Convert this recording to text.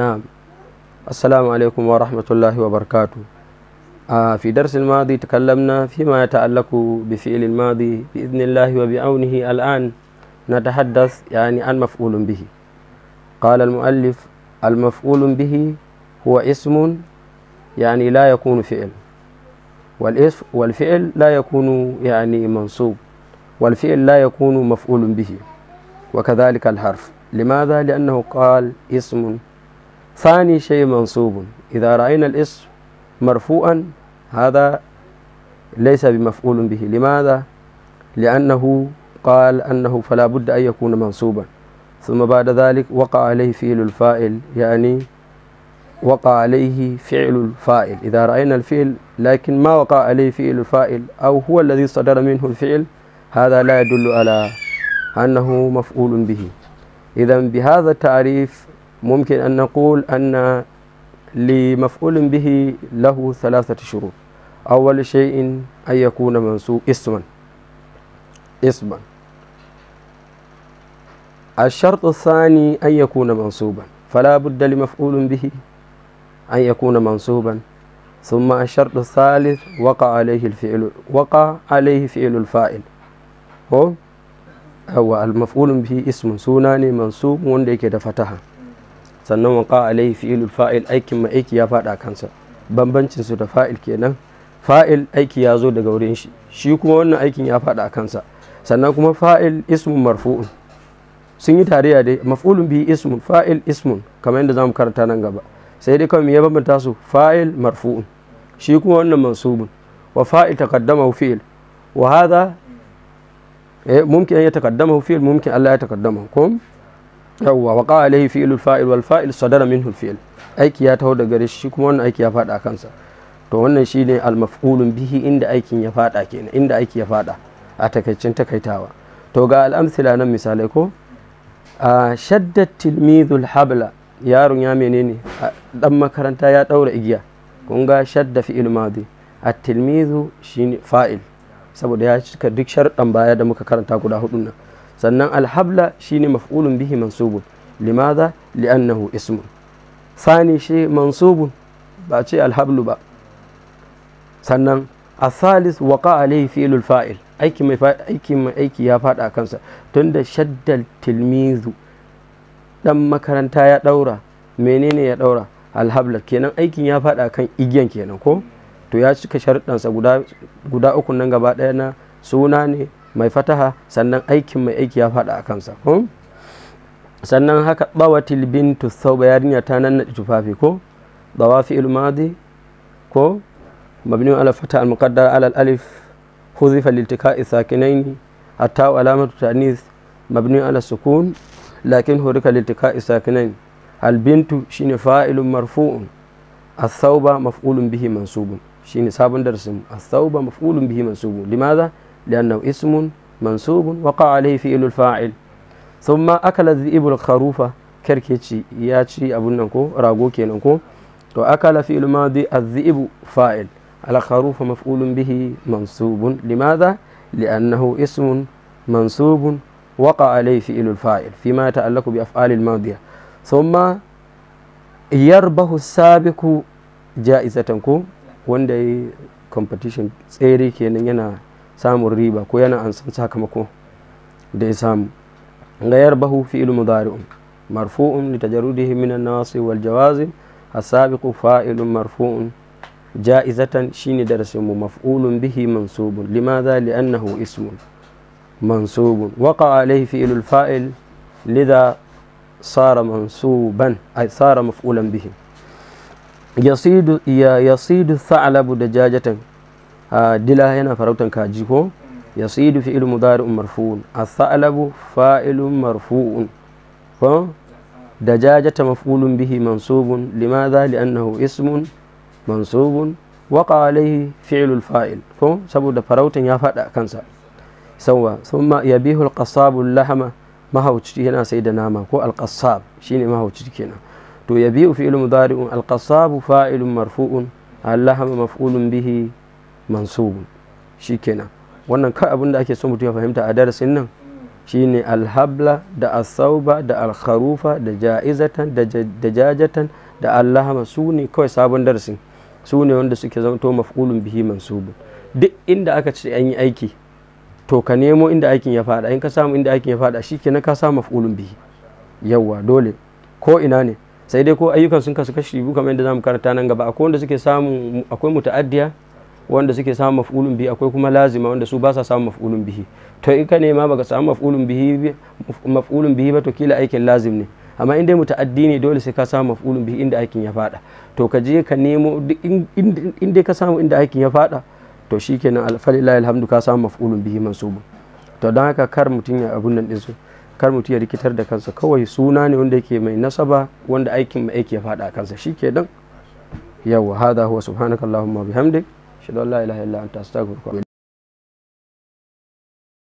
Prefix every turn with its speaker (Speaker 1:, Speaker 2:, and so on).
Speaker 1: نعم السلام عليكم ورحمة الله وبركاته آه في درس الماضي تكلمنا فيما يتعلق بفعل الماضي بإذن الله وبعونه الآن نتحدث يعني عن مفعول به قال المؤلف المفعول به هو اسم يعني لا يكون فعل والاسم والفعل لا يكون يعني منصوب والفعل لا يكون مفعول به وكذلك الحرف لماذا؟ لأنه قال اسم ثاني شيء منصوب إذا رأينا الاسم مرفوعا هذا ليس بمفعول به لماذا؟ لأنه قال أنه فلا بد أن يكون منصوبا ثم بعد ذلك وقع عليه فعل الفاعل يعني وقع عليه فعل الفاعل إذا رأينا الفعل لكن ما وقع عليه فعل الفاعل أو هو الذي صدر منه الفعل هذا لا يدل على أنه مفعول به إذا بهذا التعريف ممكن أن نقول أن لمفعول به له ثلاثة شروط أول شيء أن يكون منسوب اسما اسما الشرط الثاني أن يكون منصوبا فلا بد لمفعول به أن يكون منصوبا ثم الشرط الثالث وقع عليه الفعل وقع عليه فعل الفاعل هو هو المفعول به اسم سوناني منصوب وندك فتحه sannan waqa alaihi fi'ilul fa'il aikin ma aiki ya faɗa kansa bambancin su da fa'il kenan fa'il aiki ya zo daga wurin shi shi kuma wannan aikin ya faɗa kansa sannan kuma fa'il ismun marfu'un sun yi tarayya dai maf'ulun bi ismun fa'il ismun kamar yadda zamu karanta nan gaba sai dai kawai me ya bambanta su fa'il marfu'un shi kuma wannan mansubun wa fa'il taqaddama fi'il wa hadha eh mumkin ya taqaddama fi'il mumkin Allah ya taqaddama ko yawwa wa qawa alaihi fi'lul fa'il wal fa'il sadara minhu fi'l aiki ya taho da daga shi kuma wannan aiki ya fada kansa to wannan shine al maf'ulun bihi inda aikin ya fada kenan inda aiki ya fada a takaicin takaitawa to ga al amsila nan misalai ko a shaddat tilmidul habla yaron ya menene dan makaranta ya daura igiya kun ga shadda fi'il madi at tilmizu shine fa'il saboda ya cika duk sharɗan baya da muka karanta guda hudun nan sannan alhabla shine maf'ulun bihi mansubun limaza li'annahu ismu sani shi mansubun ba ce alhablu ba sannan asalis waka alaihi fi'lul fa'il aiki mai aiki mai aiki ya fada kansa tunda shaddal tilmizu dan makaranta ya daura menene ya daura alhabla kenan aikin ya fada kan igiyan kenan ko to ya cika sharuɗansa guda uku nan gaba ɗaya na suna ne mai fataha sannan aikin mai aiki ya faɗa a kansa ko sannan haka bawatil bintu thawba yarinya ta nan tufafi ko dawafi ilmadi ko mabniun ala fata al muqaddar ala al alif huzifa lil tikai sakinain hatta alamatu tanis mabniun ala sukun lakin hurika lil tikai sakinain al bintu shine fa'ilun marfu'un maf'ulun bihi mansubun shine شين darasin as-sauba maf'ulun bihi mansubun لماذا لأنه اسم منصوب وقع عليه فعل الفاعل ثم أكل الذئب الخروفة كركيتشي ياتشي أبو ننكو راغو كينكو وأكل فعل ماضي الذئب فاعل الخروف مفعول به منصوب لماذا؟ لأنه اسم منصوب وقع عليه فعل الفاعل فيما يتعلق بأفعال الماضية ثم يربه السابق جائزة وان كومبيتيشن سيري كينينا samun riba ko yana san sakamako da ya samu gayar bahu fi'il mudari'un marfu'un li tajarrudihi min an-nawasi wal jawazin as fa'ilun marfu'un ja'izatan shine darasin mu maf'ulun bihi mansubun limadha li'annahu ismun mansubun waqa alayhi ilu fa'il lidha bihi منصوبا أي صار bihi به يصيد يصيد da jajatan. Ah, dila yana farautan kaji ko yasidu fi'il mudari'un marfu'un as-sa'labu fa'ilun marfu'un ko dajajata maf'ulun bihi mansubun limadha li'annahu ismun mansubun waqa alayhi fi'lul fa'il ko saboda farautan ya fada kansa sawa thumma yabihu al-qassabu lahama mahauci yana sai da nama ko al-qassab shine mahauci kenan to yabihu fi'il mudari'un al-qassabu fa'ilun marfu'un اللحم mafulun bihi. mansubun shikenan wannan kai abin da ake so mutum ya fahimta a darasin nan shine alhabla da asauba da alkharufa da ja'izatan da jajatan da allahama su ne kawai sabon darasin su ne wanda suke zanto maf'ulun bihi mansubun duk inda aka ce an yi aiki to ka nemo inda aikin ya fada in ka samu inda aikin ya fada shikenan ka samu maf'ulun bihi yawa dole ko ina ne sai dai ko ayyukan sun kasu kashi biyu kamar yadda zamu karanta nan gaba akwai wanda suke samu akwai muta'addiya wanda suke samun maf'ulun bihi akwai kuma lazima wanda su ba sa samun maf'ulun bihi to in ka nema baka samu maf'ulun bihi maf'ulun bihi ba to kila aikin lazim ne amma in dai muta'addi ne dole sai ka samu maf'ulun bihi inda aikin ya fada to ka je ka nemo in dai ka samu inda aikin ya fada to shikenan alfalilahi alhamdu ka samu maf'ulun bihi mansubu to don haka kar mutum ya abun nan din kar mutum ya rikitar da kansa kawai suna ne wanda yake mai nasaba wanda aikin mai aiki ya fada kansa shikenan yawa hada huwa subhanakallahumma bihamdika Shalallahu ilaha illa anta